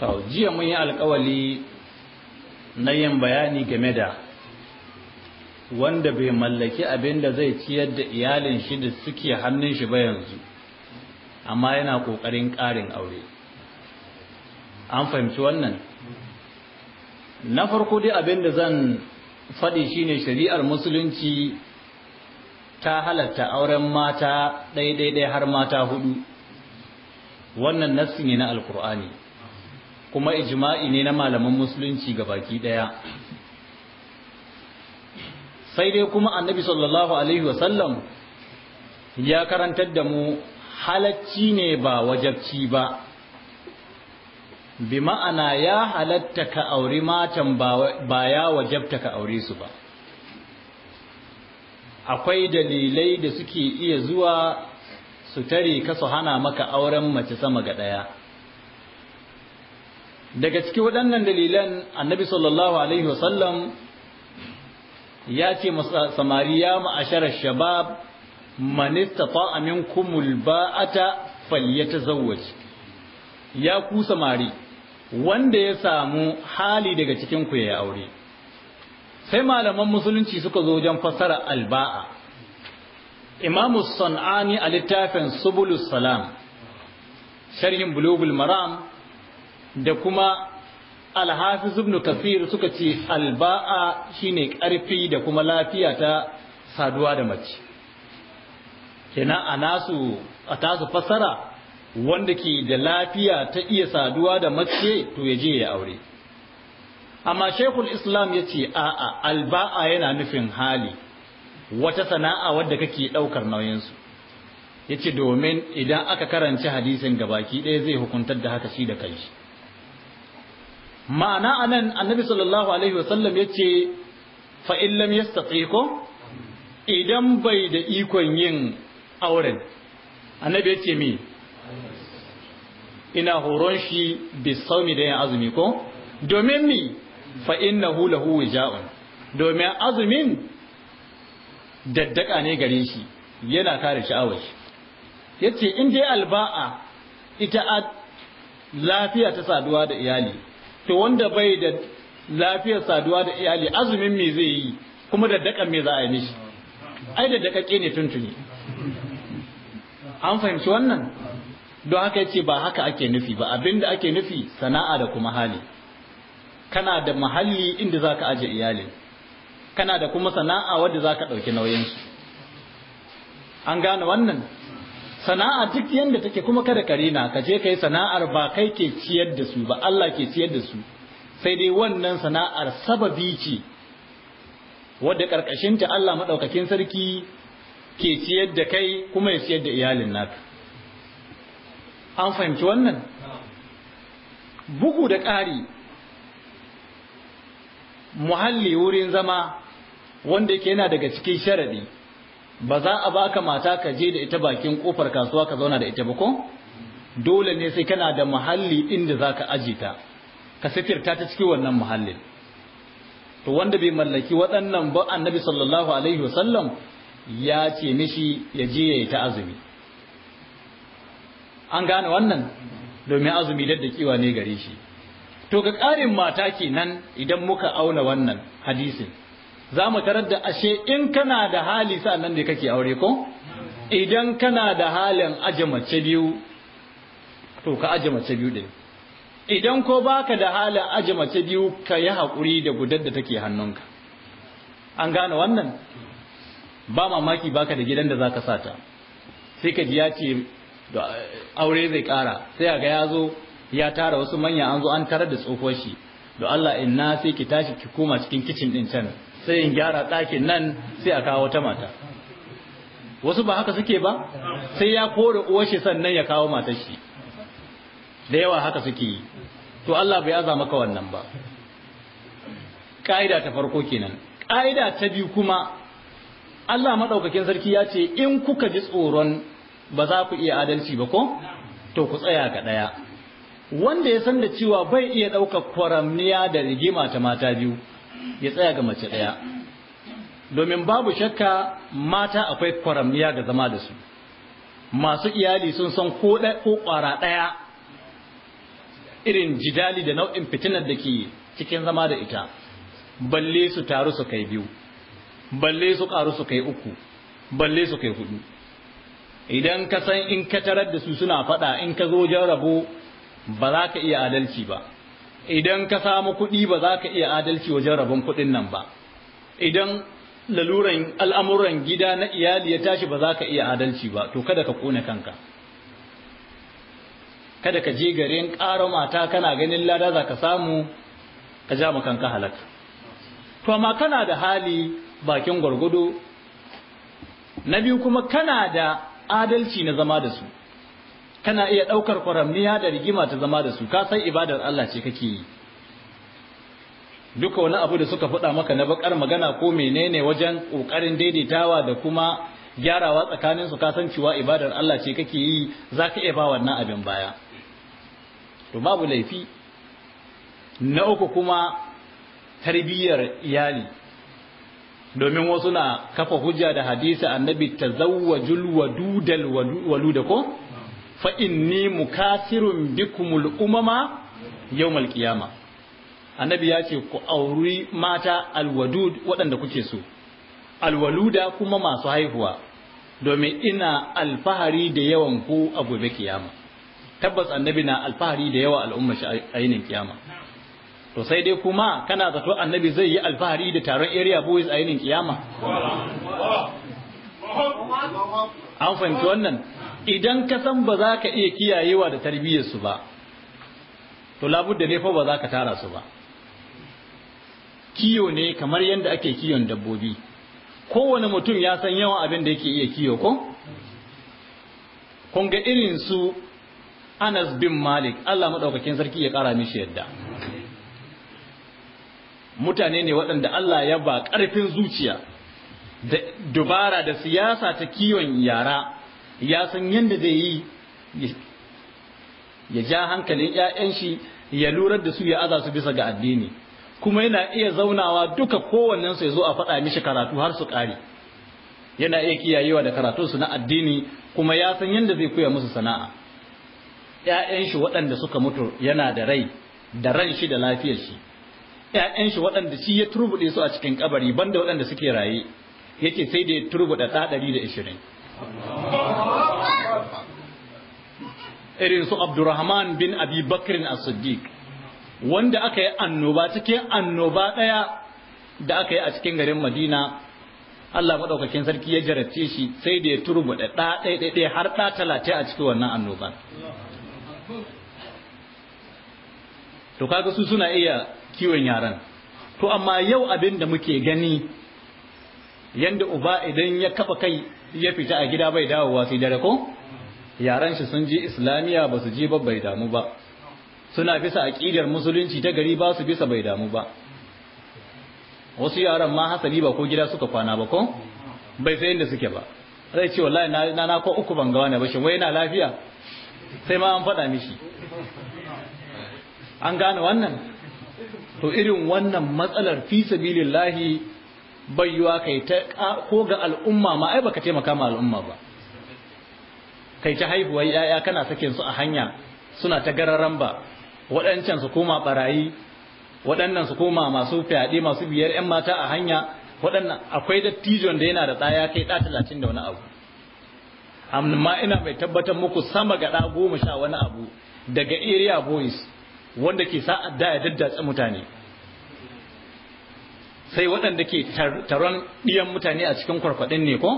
to jiya mun yi alkawali na yin bayani game da wanda bai mallaki abin da zai ciyar da iyalin shi da suke hannun shi ba yanzu amma yana ƙoƙarin ƙarin aure an fahimci wannan na farko dai abin da zan faɗi shine shari'ar musulunci ta halatta auren mata ɗaiɗaiɗai har mata hudu wannan nassi ne na alkur'ani kuma ijma'i ne na malaman musulunci ga baki ɗaya sai dai kuma annabi sallallahu alaihi wasallam ya karantar da mu halacci ne ba wajabci ba bi ma'ana ya halatta ka auri matan ba ya wajabta ka aure su ba akwai dalilai da suke iya zuwa su tare ka su hana maka auren mace sama ga ɗaya daga ciki waɗannan dalilan annabi sallallahu alaihi wasallam ya ce samari ya ma'asharar shabab manista fa'amin kumul ba'ata falyata zawaci ya ku samari wanda ya samu hali daga cikin ku ya aure sai malaman musulunci suka zo wajen fassara alba'a imamu san'ani a littafin subulus salam sharhin bulugul maram da kuma Alhafi zubnu kafir suka ce alba'a shine ƙarfi da kuma lafiya ta saduwa da mace kenan a nasu a tasu fassara wanda ke da lafiya ta iya saduwa da mace to ya je ya aure amma shekul islam ya ce a'a alba'a yana nufin hali wata sana'a wadda kake ɗaukar nauyinsu ya ce domin idan aka karanci hadisin gabaki ɗaya zai hukuntar da haka shi da kai. ma'ana anan annabi sallallahu alaihi wasallam ya ce fa'in lam yastati ko idan bai da ikon yin auren annabi ya ce mi ina horon shi bisaumi da yin azumi ko domin mi fa'in na hula wija'un domin azumin daddaka ne gare shi yana kare sha'awar shi ya ce in dai alba'a ita lafiya ta saduwa da iyali to wanda bai da lafiyar saduwa da iyali azumin me zai yi kuma da daka me za a yi mishi ai da ke ne tuntuni an fahimci wannan don haka yace ba haka ake nufi ba abinda ake nufi sana'a da kuma hali kana da mahalli inda zaka aje iyali. kana da kuma sana'a wadda zaka dauki nauyin su an gane wannan sana'a duk yanda take kuma kada ka rena ka je kai sana'ar ba kai ke ciyar da su ba Allah ke ciyar da su sai dai wannan sana'ar sababi ce wadda ta Allah madaukakin sarki ke ciyar da kai kuma ya ciyar da iyalin naka an fahimci wannan bugu da ƙari muhalli wurin zama wanda yake yana daga cikin sharadi ba za a baka mata ka je da ita bakin kofar kasuwa ka zauna da ita ba ko dole ne sai kana da muhalli inda za ka aji ta ka sifirta ta cikin wannan muhallin to wanda bai mallaki waɗannan ba annabi sallallahu alaihi wasallam ya ce mishi ya je ya yi ta azumi an gane wannan domin azumi daddakewa ne gare shi to ga ƙarin mata kenan idan muka auna wannan hadisin za mu tarar da ashe in kana da hali nan ne kake aure ko idan kana da halin aje mace biyu to ka aje mace biyu ɗin idan ko baka da halin aje mace biyu ka yi haƙuri da gudar da take hannunka an gane wannan ba mamaki baka da gidan da zaka sata sai ka ji ya ce aure zai kara. sai ga ya zo ya tara wasu manya an zo an tarar da tsohuwar shi Allah inna sai ki tashi ki koma cikin kicin ɗin can sai in gyara ɗakin nan sai a kawo wata mata wasu ba haka suke ba sai ya kore uwarshi sannan ya kawo matar shi da yawa haka suke yi to Allah bai aza maka wannan ba ƙa'ida ta farko kenan ƙa'ida ta biyu kuma Allah maɗaukakin sarki ya ce in kuka ji tsoron ba za ku iya adalci ba ko? To ku tsaya ga ɗaya. Wanda ya san da cewa bai iya ɗaukar kwaramniya da rigima ta mata biyu, ya tsaya ga mace ɗaya domin babu shakka mata akwai kwaramiya ga zama da su masu iyali sun san ko ƙwara ɗaya irin jidali da nau'in fitinar da ke cikin zama da ita balle su taru su kai biyu balle su karu su kai uku balle su kai hudu idan ka san in ka tarar da su suna faɗa in ka zo jarrabo ba za ka iya adalci ba idan ka samu kuɗi ba za ka iya adalci wajen rabon kuɗin nan ba idan laluran al'amuran gida na iyali ya tashi ba za ka iya adalci ba to kada ka ƙone kanka kada ka je garin ƙara mata kana ganin lada za ka samu ka ja ma kanka halaka to amma kana da hali bakin gwargwado na biyu kuma kana da adalci na zama da su kana iya ɗaukar kwaramniya da rigima ta zama da su ka san ibadar Allah ce kake yi duka wani abu da suka faɗa maka na bakar magana ko menene wajen ƙoƙarin daidaitawa da kuma gyarawa tsakanin su kasan cewa ibadar Allah ce kake yi za ka iya ba wannan abin baya to babu laifi na uku kuma tarbiyyar iyali domin wasu na kafa hujja da hadisi annabi tazawwajul wadudal waluda ko fa inni mukasirun bikumul umama yawmal qiyama annabi ya ce ku auri mata alwadud waɗanda kuke so alwaluda kuma masu haihuwa domin ina alfahari da yawan ku a gobe kiyama tabbas annabi na alfahari da yawa al'umma shi ainin kiyama to sai dai kuma kana zato annabi zai yi alfahari da taron area boys ainin kiyama an fahimci wannan idan ka san ba za ka iya kiyayewa da tarbiyyarsu ba to labudda ne fa ba za ka tara su ba kiyo ne kamar yadda ake kiyon dabbobi kowane mutum ya san yawan abin da yake iya kiyo ko Kunga irin su Anas bin Malik Allah maɗaukakin sarki ya ƙara mishi yadda mutane ne waɗanda Allah ya ba ƙarfin zuciya da dubara da siyasa ta kiyon yara ya san yadda zai yi ya ja hankalin 'ya'yan shi ya lura da su ya aza su bisa ga addini kuma yana iya zaunawa duka su ya zo a faɗa mishi karatu har su ƙari yana iya kiyayewa da su na addini kuma ya san yadda zai koya musu sana'a ‘ya'yan shi waɗanda suka mutu yana da rai da ran shi da lafiyar shi ‘ya'yan shi waɗanda shi ya turbuɗe su a cikin kabari banda waɗanda suke raye yake sai da ya turbuɗa ɗa ɗari da ishirin irin su abdurrahman bin abi bakrin as-siddiq wanda aka yi annoba cikin annoba ɗaya da aka yi a cikin garin madina Allah maɗaukakin sarki ya jarabce shi sai da ya turbuɗe ɗa ɗaya har ɗa talatin a cikin wannan annoba to kaga su suna iya kiwon yaran to amma yau abin da muke gani yanda uba idan ya kafa kai ya fita a gida bai dawowa sai dare ko yaran shi sun je islamiya ba su je ba bai damu ba suna bisa aƙidar musulunci ta gari ba su bisa bai damu ba wasu yaran ma hasali ba ko gida suka kwana ba ko bai sai inda suke ba zai ce wallahi na na ko uku ban ga wani ba shin wai na lafiya sai ma an faɗa mishi an gane wannan to irin wannan matsalar fi sabilillahi bayuwa kai ta ko ga al'umma ma ai baka taimaka ma al'umma ba kai ta haihuwa yaya kana sakin su a hanya suna ta gararan ba waɗancan su koma barayi waɗannan su koma masu fyaɗe masu biyar 'yan mata a hanya waɗannan akwai dattijon da yana da tsaya kai ɗa talatin da wani abu amma ina mai tabbatar muku sama ga ɗa goma sha wani abu daga area boys wanda ke sa'adda ya daddatsa mutane sai waɗanda ke taron ɗiyan mutane a cikin kwarkwaɗin ne ko